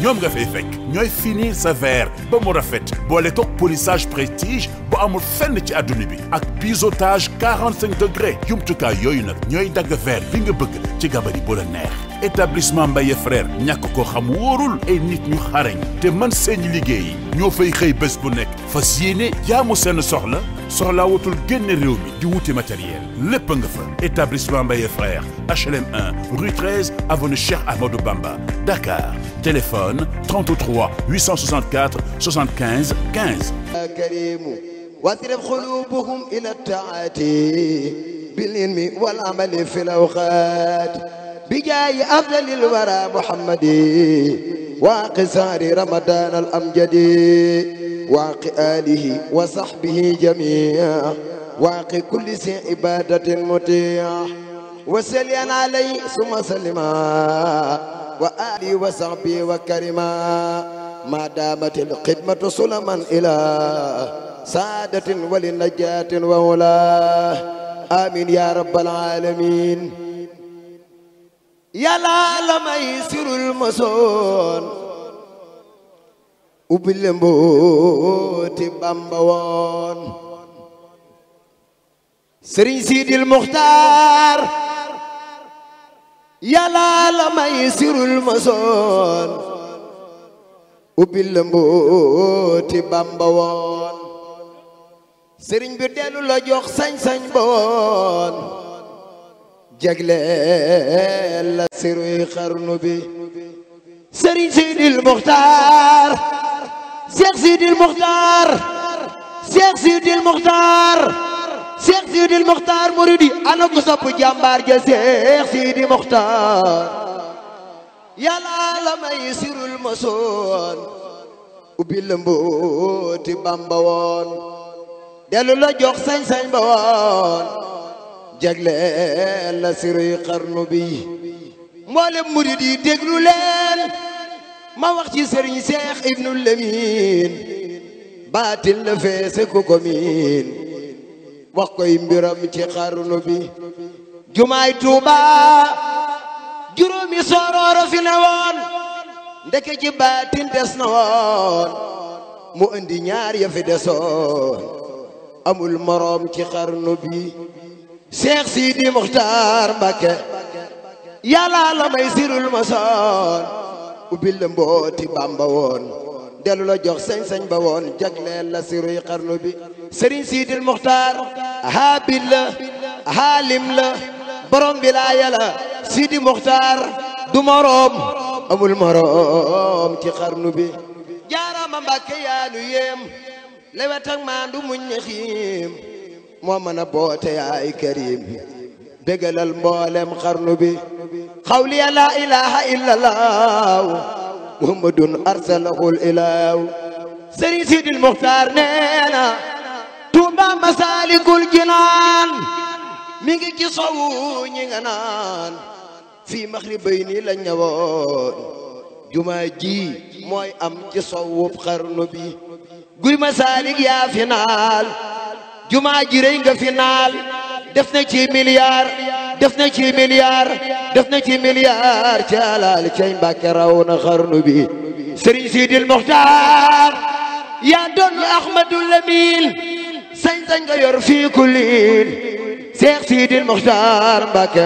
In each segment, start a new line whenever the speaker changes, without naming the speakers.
ñoom nga fay fekk ñooy finir sa verre ba mu rafet boole toog polissage prestige bu amul fenn ci adduna bi ak biseautage 45 degré jumtukaay yooyu nag ñooy dagg verre bi nga bëgg ci gabari bu la neex établissement Mbaye frère ñàkk ko xam wóorul ay nit ñu xarañ te man seeni liggéey yi ñoo fay xëy bés bu nekk fas yéene jaamu seen soxla soxlaa wutul génn réew mi di wuti matériel lépp nga fa établissement Mbaye frère HLM 1 rue 13 avenue Cheikh Amadou Bamba Dakar téléphone 33 864 75 15
كريم واضرب قلوبهم إلى الطاعة بالعلم والعمل في الأوقات بجاه أفضل الورى محمد وقصار رمضان الأمجد واق آله وصحبه جميعا واق كل ذي عبادة مطيع وسلم عليه ثم سلما وآله وصحبه وكرما ما دامت الخدمة سلما إلى سعادة ولنجاة وولاه آمين يا رب العالمين يا العالم يسر المسون ubile mbooti bamba woon sëriñ siidil muxtaar yàlla la may sirul masoon ubbil la mbooti bamba woon sëriñ bi dellu la jox sañ-sañ ba woon jagleel la siruy xarnu bi sëriñ sidil muxtaar seex sidil muxtaar seex sidil muxtaar seex siidil muxtaar muridi ana ku sopp jàmbaar ja seex siidi muxtaar yàllaa may sirul masoon ubbi la mbooti bamba woon dellu jox sañ-sañ ba woon jagleel la siruy xarnu bi mboolem murid yi leen ma wax ci sëriñ seex ibnu lemin baatin la feese ku ko miin wax koy mbiram ci xarnu bi jumaay tuuba juróomi sororo fi ne woon ndeke ci baatin des na woon mu indi ñaar ya fi desoon amul moroom ci xarnu bi seex siidi muxtaar mbakke yàlla may sirul masoon ubbil la mbooti bamba woon dellu la jox sañ-sañ ba woon jagleel la siruy xarnu bi sëriñ siidil muxtaar haabil la haalim la borom wilaaya la Sidi Muxtaar du moroom amul moroom ci xarnu bi jaaraama Mbàkke yaa nu yéem lewet ak muñ na xiim moo mën a boote yaay karim bégalal xarnu bi xawliya laa ilaha illallah muhammadun arsalahul ilaaw sëriñ Sidil Muxtaar nee masaalikul jinaan mi ngi ci sowu ñi nga naan fii maxribay nii la ñëwoon jumaa ji mooy am ci sowub xarnu bi guy masaalik yaa finaal jumaa ji rëy nga finaal def na ci milliard def na ci milliard def na ci milliard ci alal cay Mbàkke raw na xarnu bi Sëriñ Sidil Muxtaar sañ-sañ nga yor fii kulliin Muxtaar Mbàkke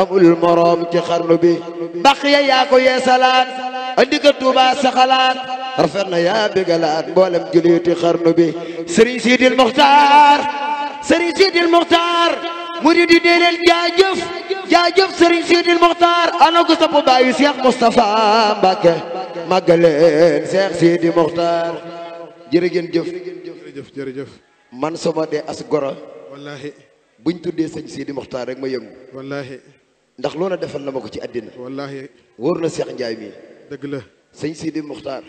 amul moroom ci xarnu bi baq ya yaa ko yeesalaat andi ko Tuubaa rafet na yaa bégalaat mboolem juliiti xarnu bi Sëriñ Siidil Muxtaar Sëriñ Siidil Muxtaar murid yi dee leen jaajëf jaajëf Sëriñ Siidil Muxtaar ana ko sapp baayu Seex Mustafaa Mbàkke màggaleen Seex Siidi Muxtaar jërëgeen jëf man soma dee as gora bu buñ tuddee sëñ di Moxtaar rek ma yëngu wallaahi ndax loolu defal na ma ko ci àddina wallaahi wóor na Cheikh Ndiaye mii dëgg la sëñ di Moxtaar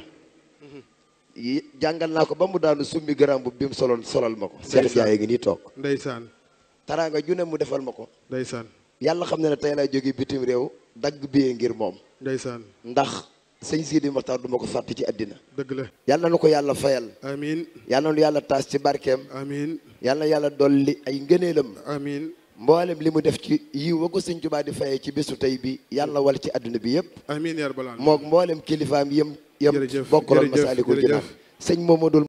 mhm. jàngal naa ko ba mu daanu summi garaam bu bi mu soloon solal ma ko Cheikh Ndiaye ngi nii toog ndeysaan taraanga ju ne mu defal ma ko ndeysaan yàlla xam ne ne tey laa jóge bitim réew dagg biyee ngir moom ndeysaan ndax sëñ Sidi Moxtaar du ma ko fàtte ci àddina dëgg la yàlla na ko yàlla fayal amiin yàlla na yàlla taas ci barkeem amiin yàlla yàlla dolli ay ngëneelam amiin mboolem li mu def ci yiw wa ko sëñ Tuubaa di fayee ci bésu tey bi yàlla wal ci àdduna bi yëpp
amiin yaa rabbal aalamiin moog
mboolem kilifaam yëm yëm bokkaloon Masaalikul Jinaan sëñ Mamadul